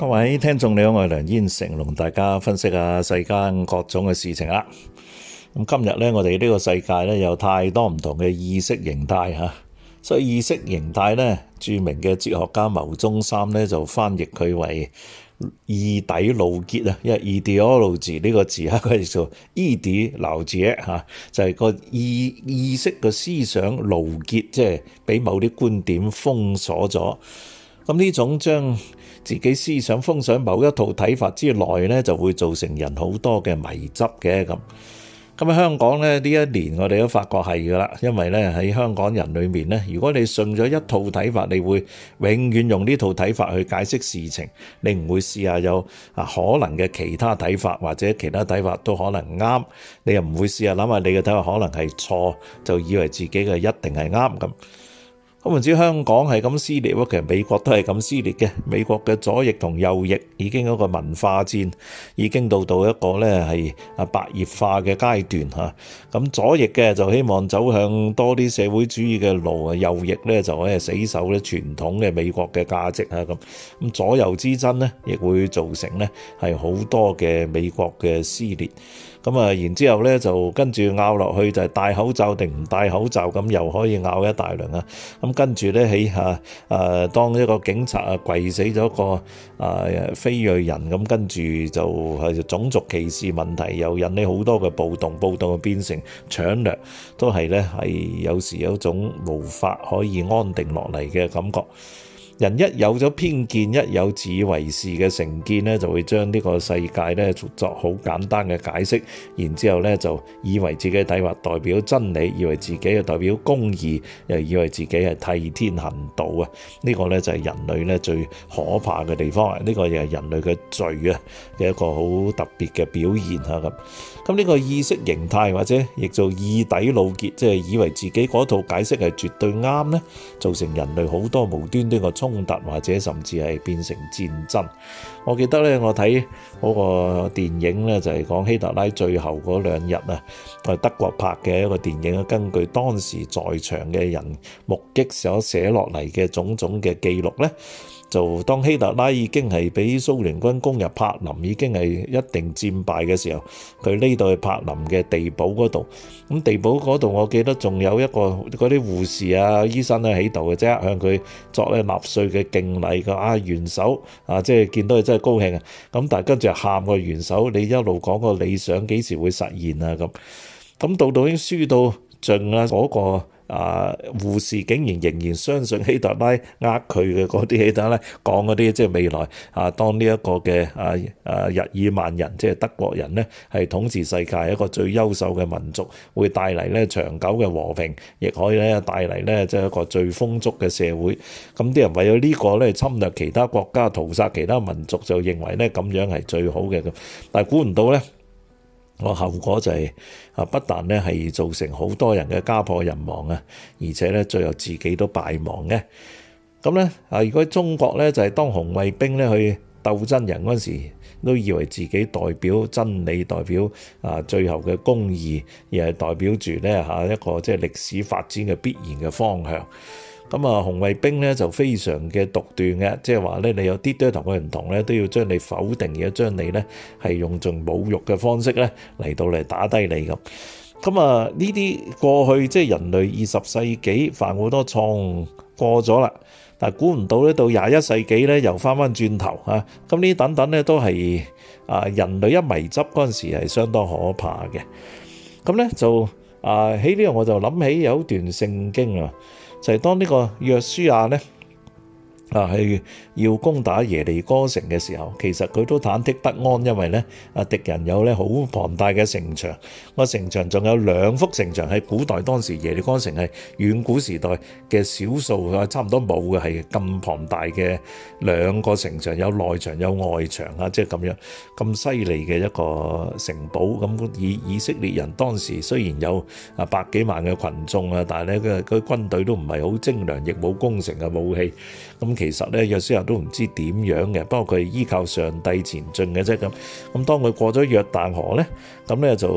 各位聽眾你好，我係梁燕城，同大家分析下世間各種嘅事情啦。咁今日咧，我哋呢個世界咧有太多唔同嘅意識形態吓，所以意識形態咧，著名嘅哲學家牟宗三咧就翻譯佢為意底牢結啊，因為 ideology 呢個字啊，佢就做 ide 牢結吓，就係、是、個意意識嘅思想牢結，即係俾某啲觀點封鎖咗。咁呢種將自己思想封上某一套睇法之內咧，就會造成人好多嘅迷執嘅咁。咁喺香港咧呢一年，我哋都發覺係噶啦，因為咧喺香港人裡面咧，如果你信咗一套睇法，你會永遠用呢套睇法去解釋事情，你唔會試下有啊可能嘅其他睇法，或者其他睇法都可能啱，你又唔會試下諗下你嘅睇法可能係錯，就以為自己嘅一定係啱咁。咁唔止香港係咁撕裂，其實美國都係咁撕裂嘅。美國嘅左翼同右翼已經嗰個文化戰已經到到一個咧係啊白熱化嘅階段嚇。咁左翼嘅就希望走向多啲社會主義嘅路啊，右翼咧就可以死守咧傳統嘅美國嘅價值啊咁。咁左右之爭咧亦會造成咧係好多嘅美國嘅撕裂。咁啊，然之後咧就跟住拗落去，就係戴口罩定唔戴口罩咁，又可以拗一大輪啊！咁跟住咧起嚇，誒當一個警察啊跪死咗個啊非裔人咁，跟住就係種族歧視問題，又引起好多嘅暴動，暴動變成搶掠，都係咧係有時有一種無法可以安定落嚟嘅感覺。人一有咗偏見，一有自以為是嘅成見咧，就會將呢個世界咧作好簡單嘅解釋。然之後咧就以為自己嘅睇法代表真理，以為自己嘅代表公義，又以為自己係替天行道啊！呢、這個咧就係人類咧最可怕嘅地方啊！呢、這個又係人類嘅罪啊嘅一個好特別嘅表現吓咁。咁、這、呢個意識形態或者亦做意底牢結，即係以為自己套解釋係絕對啱咧，造成人類好多無端端嘅衝衝突或者甚至係變成戰爭。我記得咧，我睇嗰個電影咧，就係講希特拉最後嗰兩日啊，喺德國拍嘅一個電影，根據當時在場嘅人目擊所寫落嚟嘅種種嘅記錄咧，就當希特拉已經係俾蘇聯軍攻入柏林，已經係一定戰敗嘅時候，佢呢度去柏林嘅地堡嗰度，咁地堡嗰度，我記得仲有一個嗰啲護士啊、醫生咧喺度嘅啫，向佢作咧納粹嘅敬禮，佢啊元首啊，即係見到佢。真係高興啊！咁但係跟住又喊個元首，你一路講個理想，幾時會實現啊？咁咁到到已經輸到盡啦，嗰個。啊！護士竟然仍然相信希特拉呃佢嘅嗰啲希特拉講嗰啲，即係未來啊！當呢一個嘅啊啊日耳曼人，即係德國人咧，係統治世界一個最優秀嘅民族，會帶嚟咧長久嘅和平，亦可以咧帶嚟咧即係一個最豐足嘅社會。咁啲人為咗呢個咧侵略其他國家、屠殺其他民族，就認為咧咁樣係最好嘅咁。但係估唔到咧。個後果就係啊，不但咧係造成好多人嘅家破人亡啊，而且咧最後自己都敗亡嘅。咁咧啊，如果中國咧就係當紅衛兵咧去鬥真人嗰陣時，都以為自己代表真理，代表啊最後嘅公義，而係代表住咧嚇一個即係歷史發展嘅必然嘅方向。咁啊，紅衛兵咧就非常嘅獨斷嘅，即係話咧，你有啲都同佢唔同咧，都要將你否定，要將你咧係用盡侮辱嘅方式咧嚟到嚟打低你咁。咁啊，呢啲過去即係人類二十世紀犯好多錯誤過咗啦，但係估唔到咧到廿一世紀咧又翻翻轉頭啊。咁呢等等咧都係啊人類一迷執嗰陣時係相當可怕嘅。咁咧就啊喺呢度我就諗起有段聖經啊。就係當呢個約書亞咧。啊，係要攻打耶利哥城嘅時候，其實佢都忐忑不安，因為咧啊，敵人有咧好龐大嘅城牆，個城牆仲有兩幅城牆，喺古代當時耶利哥城係遠古時代嘅少數啊，差唔多冇嘅，係咁龐大嘅兩個城牆，有內牆有外牆啊，即係咁樣咁犀利嘅一個城堡。咁以以色列人當時雖然有啊百幾萬嘅羣眾啊，但係咧佢佢軍隊都唔係好精良，亦冇攻城嘅武器，咁。其實咧，約書亞都唔知點樣嘅，不過佢係依靠上帝前進嘅啫咁。咁當佢過咗約旦河咧，咁咧就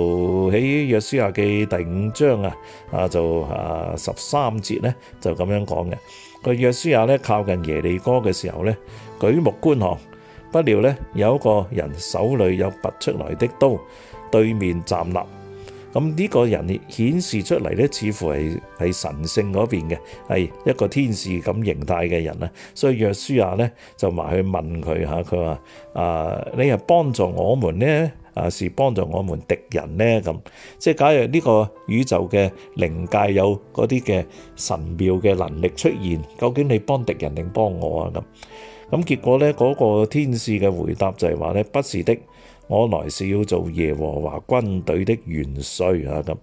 喺約書亞嘅第五章啊啊就啊十三節咧就咁樣講嘅。佢約書亞咧，靠近耶利哥嘅時候咧，舉目觀看，不料咧有一個人手裏有拔出來的刀，對面站立。咁呢個人顯示出嚟咧，似乎係係神性嗰邊嘅，係一個天使咁形態嘅人啦。所以約書亞咧就埋去問佢吓，佢話：啊、呃，你係幫助我們呢，啊係幫助我們敵人呢？咁即係假若呢個宇宙嘅靈界有嗰啲嘅神妙嘅能力出現，究竟你幫敵人定幫我啊？咁咁結果咧，嗰、那個天使嘅回答就係話咧，不是的，我來是要做耶和華軍隊的元帥啊！咁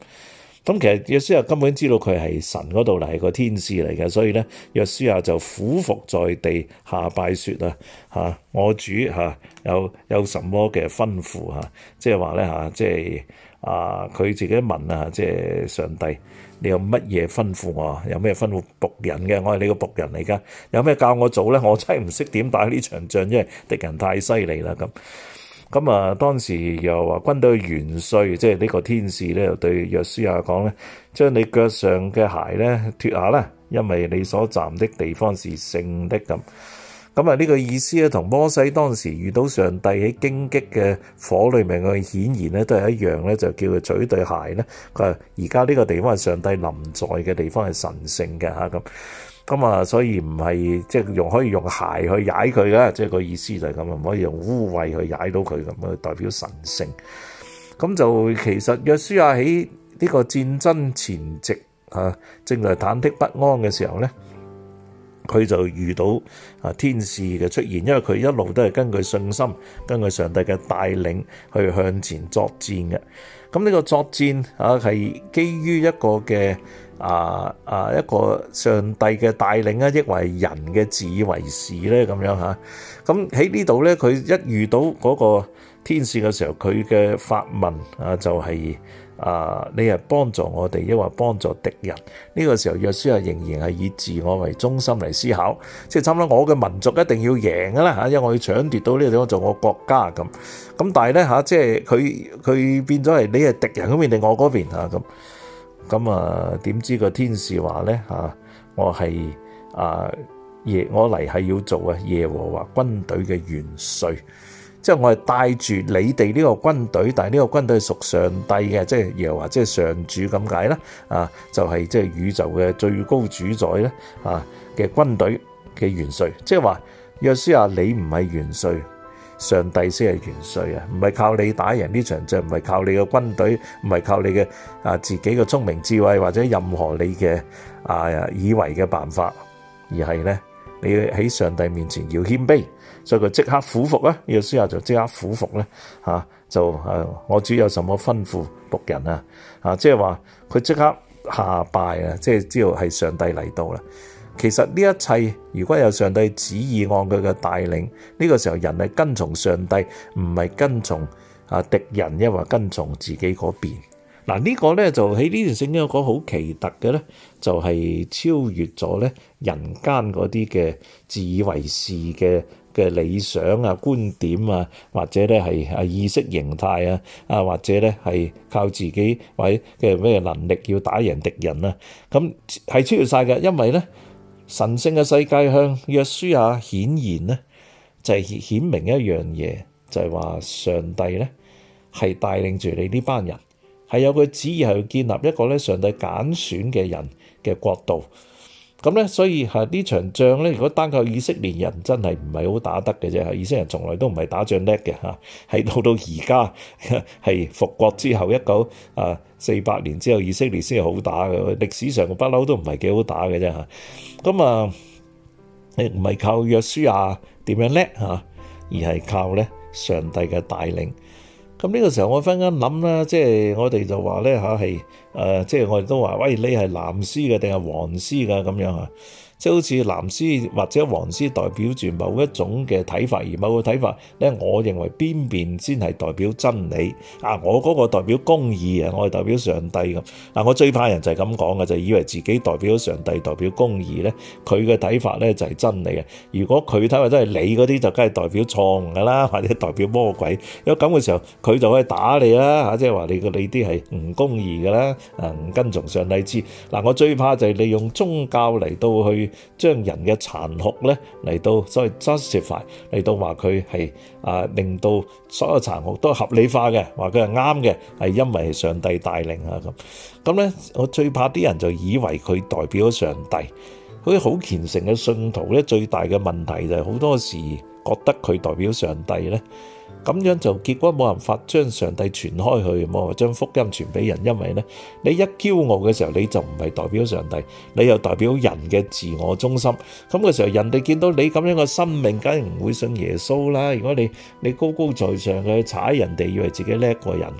咁、嗯、其實約書亞根本知道佢係神嗰度嚟個天使嚟嘅，所以咧，約書亞就俯伏在地下拜説啊，嚇我主嚇、啊、有有什麼嘅吩咐嚇、啊就是啊，即係話咧嚇，即係啊佢自己問啊，即係上帝。你有乜嘢吩咐我？有咩吩咐僕人嘅？我係你個僕人嚟噶。有咩教我做咧？我真係唔識點打呢場仗，因為敵人太犀利啦。咁咁啊，當時又話軍隊元帥，即係呢個天使咧，又對約書亞講咧，將你腳上嘅鞋咧脱下啦，因為你所站的地方是聖的咁。咁啊，呢個意思咧，同摩西當時遇到上帝喺荊棘嘅火裏面，佢顯現咧都係一樣咧，就叫佢嘴對鞋咧。佢話而家呢個地方係上帝臨在嘅地方，係神聖嘅嚇咁。咁啊，所以唔係即係用可以用鞋去踩佢嘅，即係個意思就係咁啊，唔可以用污穢去踩到佢咁樣代表神聖。咁就其實約書亞喺呢個戰爭前夕啊，正在忐忑不安嘅時候咧。佢就遇到啊天使嘅出現，因為佢一路都係根據信心、根據上帝嘅帶領去向前作戰嘅。咁呢個作戰啊係基於一個嘅啊啊一個上帝嘅帶領啊，抑為人嘅自以為是咧咁樣嚇。咁喺呢度咧，佢一遇到嗰個天使嘅時候，佢嘅發問啊就係。啊！你係幫助我哋，抑或幫助敵人？呢、這個時候，約書亞仍然係以自我為中心嚟思考，即係差唔多我嘅民族一定要贏㗎喇吓，因為我要搶奪到呢個地方做我國家咁。咁、啊、但係咧吓，即係佢佢變咗係你係敵人嗰邊定我嗰邊吓咁。咁啊，點、啊、知個天使話咧吓，我係啊耶，我嚟係要做啊耶和華軍隊嘅元帥。即係我係帶住你哋呢個軍隊，但係呢個軍隊係屬上帝嘅，即係又或者係上主咁解啦。啊，就係即係宇宙嘅最高主宰咧。啊嘅軍隊嘅元帥，即係話約書亞，你唔係元帥，上帝先係元帥啊！唔係靠你打贏呢場仗，唔係靠你嘅軍隊，唔係靠你嘅啊自己嘅聰明智慧或者任何你嘅啊以為嘅辦法，而係咧。你喺上帝面前要謙卑，所以佢即刻俯伏啊！呢個時候就即刻俯伏咧，吓就誒，我主有什麼吩咐僕人啊？啊，即係話佢即刻下拜啊！即係知道係上帝嚟到啦。其實呢一切，如果有上帝旨意按佢嘅帶領，呢、這個時候人係跟從上帝，唔係跟從啊敵人，抑或跟從自己嗰邊。嗱，呢個咧就喺呢段聖經有個好奇特嘅咧，就係超越咗咧人間嗰啲嘅自以為是嘅嘅理想啊、觀點啊，或者咧係啊意識形態啊啊，或者咧係靠自己或者嘅咩能力要打贏敵人啊，咁係超越晒嘅。因為咧，神聖嘅世界向約書亞顯現咧，就係顯明一樣嘢，就係話上帝咧係帶領住你呢班人。係有佢旨意去建立一個咧上帝揀選嘅人嘅國度，咁咧所以係呢、啊、場仗咧，如果單靠以色列人真係唔係好打得嘅啫，係以色列人從來都唔係打仗叻嘅嚇，係、啊、到到而家係復國之後一九啊四八年之後，以色列先係好打嘅，歷史上不嬲都唔係幾好打嘅啫嚇，咁啊你唔係靠約書亞、啊、點樣叻嚇、啊，而係靠咧上帝嘅帶領。咁呢個時候，我忽然間諗咧，即係我哋就話咧吓係誒，即係我哋都話，喂，你係藍絲嘅定係黃絲嘅咁樣啊？即係好似藍絲或者黃絲代表住某一種嘅睇法，而某個睇法咧，我認為邊邊先係代表真理？啊，我嗰個代表公義啊，我係代表上帝咁。嗱、啊，我最怕人就係咁講嘅，就係、以為自己代表上帝、代表公義咧，佢嘅睇法咧就係真理嘅。如果佢睇法都係你嗰啲，就梗係代表錯誤噶啦，或者代表魔鬼。因為咁嘅時候，佢就可以打你啦嚇，即係話你個你啲係唔公義噶啦，唔、啊、跟從上帝知。嗱、啊，我最怕就係利用宗教嚟到去。將人嘅殘酷咧嚟到，所謂 justify 嚟到話佢係啊，令到所有殘酷都係合理化嘅，話佢係啱嘅，係因為上帝帶領啊咁。咁咧，我最怕啲人就以為佢代，代表上帝，佢好虔誠嘅信徒咧，最大嘅問題就係好多時覺得佢代表上帝咧。咁樣就結果冇辦法將上帝傳開去，冇辦法將福音傳俾人，因為咧你一驕傲嘅時候，你就唔係代表上帝，你又代表人嘅自我中心。咁嘅時候，人哋見到你咁樣嘅生命，梗係唔會信耶穌啦。如果你你高高在上嘅踩人哋，以為自己叻過人，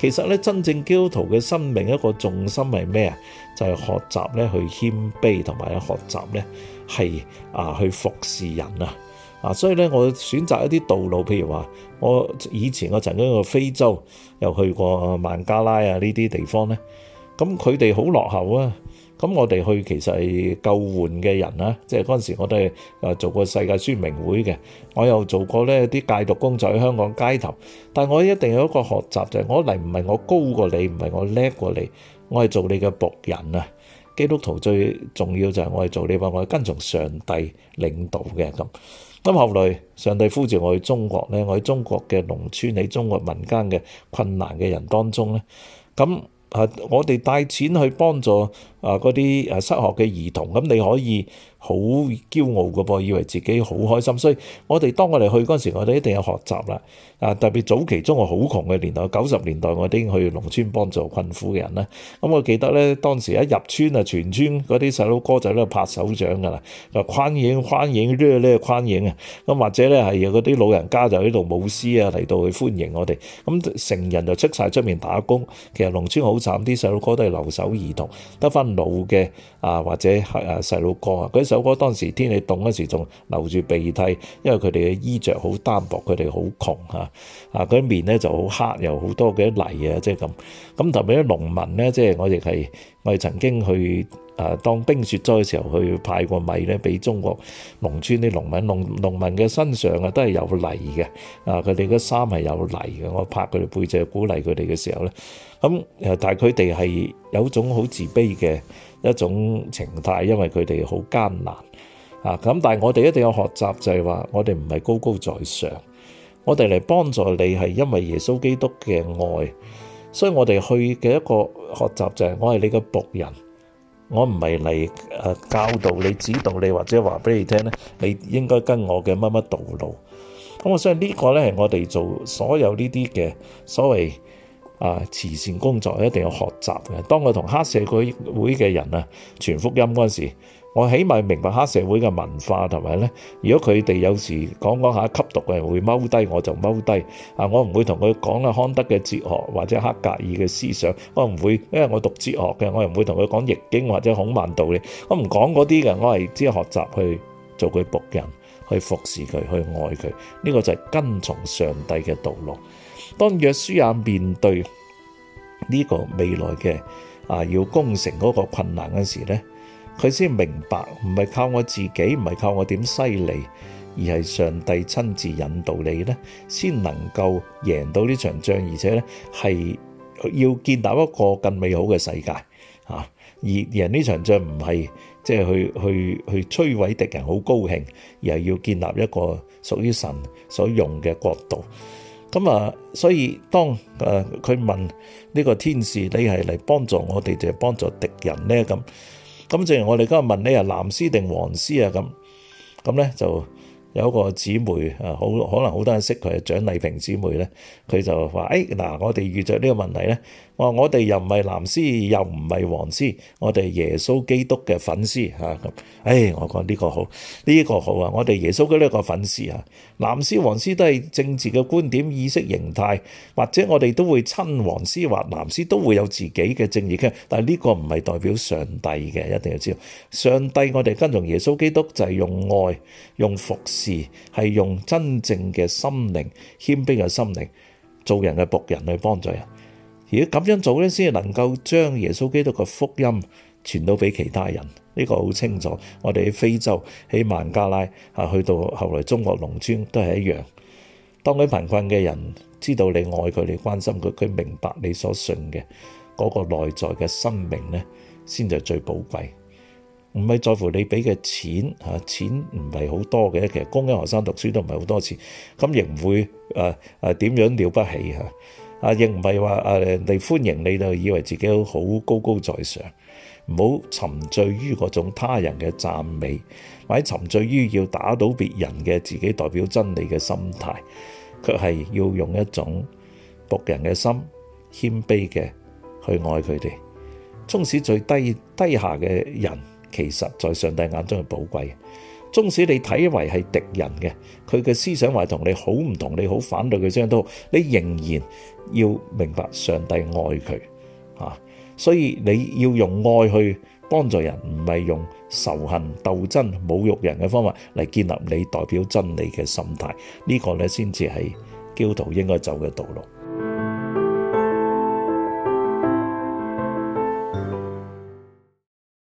其實咧真正基督徒嘅生命一個重心係咩啊？就係學習咧去謙卑，同埋學習咧係啊去服侍人啊。啊，所以咧，我選擇一啲道路，譬如話，我以前我曾經去過非洲，又去過孟加拉啊呢啲地方咧。咁佢哋好落後啊。咁我哋去其實係救援嘅人啊，即係嗰陣時我哋誒做過世界宣明會嘅，我又做過呢啲戒毒工作喺香港街頭。但係我一定有一個學習就係、是、我嚟唔係我高過你，唔係我叻過你，我係做你嘅僕人啊。基督徒最重要就係我係做你話，我係跟從上帝領導嘅咁。咁後來，上帝呼召我去中國咧，我喺中國嘅農村，喺中國民間嘅困難嘅人當中咧，咁啊，我哋帶錢去幫助。啊！嗰啲誒失學嘅兒童，咁你可以好驕傲㗎噃，以為自己好開心。所以我哋當我哋去嗰陣時，我哋一定要學習啦。啊，特別早期中學好窮嘅年代，九十年代我哋已經去農村幫助困苦嘅人啦。咁、啊、我記得咧，當時一入村啊，全村嗰啲細佬哥仔喺度拍手掌噶啦，就歡迎歡迎呢啲歡迎啊。咁、呃呃呃呃呃呃呃、或者咧係有嗰啲老人家就喺度舞獅啊，嚟到去歡迎我哋。咁、啊、成人就出晒出面打工，其實農村好慘，啲細佬哥都係留守兒，兒童，得翻。老嘅啊，或者係誒細路哥啊，嗰首歌，當時天氣凍嗰時仲留住鼻涕，因為佢哋嘅衣着好單薄，佢哋好窮吓，啊，啲面咧就好黑，又好多嘅泥啊，即係咁。咁，啊，特別啲農民咧，即係，我亦係，我哋曾經去誒，啊，當冰雪災嘅時候，去派過米咧俾中國農村啲農民，農農民嘅身上啊都係有泥嘅，啊，佢哋嘅衫係有泥嘅，我拍佢哋背脊鼓勵佢哋嘅時候咧。咁誒，但係佢哋係有一種好自卑嘅一種情態，因為佢哋好艱難啊。咁但係我哋一定要學習，就係話我哋唔係高高在上，我哋嚟幫助你係因為耶穌基督嘅愛。所以我哋去嘅一個學習就係，我係你嘅僕人，我唔係嚟誒教導你、指導你或者話俾你聽咧，你應該跟我嘅乜乜道路。咁、嗯、我相信呢個咧係我哋做所有呢啲嘅所謂。啊！慈善工作一定要學習嘅。當我同黑社會嘅人啊傳福音嗰陣時，我起碼明白黑社會嘅文化同埋咧。如果佢哋有時講一講下吸毒嘅人會踎低，我就踎低。啊，我唔會同佢講啦康德嘅哲學或者黑格爾嘅思想，我唔會，因為我讀哲學嘅，我又唔會同佢講易經或者孔孟道理，我唔講嗰啲嘅。我係只係學習去做佢僕人，去服侍佢，去愛佢。呢個就係跟從上帝嘅道路。當約書亞啊面對呢個未來嘅啊要攻城嗰個困難嗰時咧，佢先明白唔係靠我自己，唔係靠我點犀利，而係上帝親自引導你咧，先能夠贏到呢場仗，而且咧係要建立一個更美好嘅世界啊！而贏呢場仗唔係即係去去去，去摧毀敵人，好高興，而係要建立一個屬於神所用嘅國度。咁啊，嗯，所以當誒、佢、呃、問呢個天使，你係嚟幫助我哋定係幫助敵人咧？咁咁正如我哋今日問你啊，藍絲定黃絲啊？咁咁咧就有一個姊妹啊，好可能好多人都識佢啊，蔣麗萍姊妹咧，佢就話：誒、哎、嗱、呃，我哋遇着呢個問題咧。哦、我哋又唔係藍絲，又唔係黃絲，我哋耶穌基督嘅粉絲吓咁。誒、哎，我講呢個好，呢、這個好啊！我哋耶穌基督嘅粉絲啊，藍絲、黃絲都係政治嘅觀點、意識形態，或者我哋都會親黃絲或藍絲，都會有自己嘅正義嘅。但係呢個唔係代表上帝嘅，一定要知道上帝。我哋跟從耶穌基督就係用愛、用服侍，係用真正嘅心靈、謙卑嘅心靈，做人嘅僕人去幫助人。而咁樣做咧，先至能夠將耶穌基督嘅福音傳到俾其他人，呢個好清楚。我哋喺非洲、喺孟加拉啊，去到後來中國農村都係一樣。當你貧困嘅人知道你愛佢、你關心佢，佢明白你所信嘅嗰個內在嘅生命咧，先就係最寶貴。唔係在乎你俾嘅錢嚇，錢唔係好多嘅，其實供緊學生讀書都唔係好多錢，咁亦唔會誒誒點樣了不起嚇。啊，亦唔係話誒人哋歡迎你就以為自己好高高在上，唔好沉醉於嗰種他人嘅讚美，或者沉醉於要打倒別人嘅自己代表真理嘅心態，卻係要用一種僕人嘅心謙卑嘅去愛佢哋。縱使最低低下嘅人，其實在上帝眼中係寶貴。縱使你睇為係敵人嘅，佢嘅思想話同你好唔同，你好反對佢將都好，你仍然要明白上帝愛佢，吓、啊，所以你要用愛去幫助人，唔係用仇恨、鬥爭、侮辱人嘅方法嚟建立你代表真理嘅心態，這個、呢個咧先至係基督徒應該走嘅道路。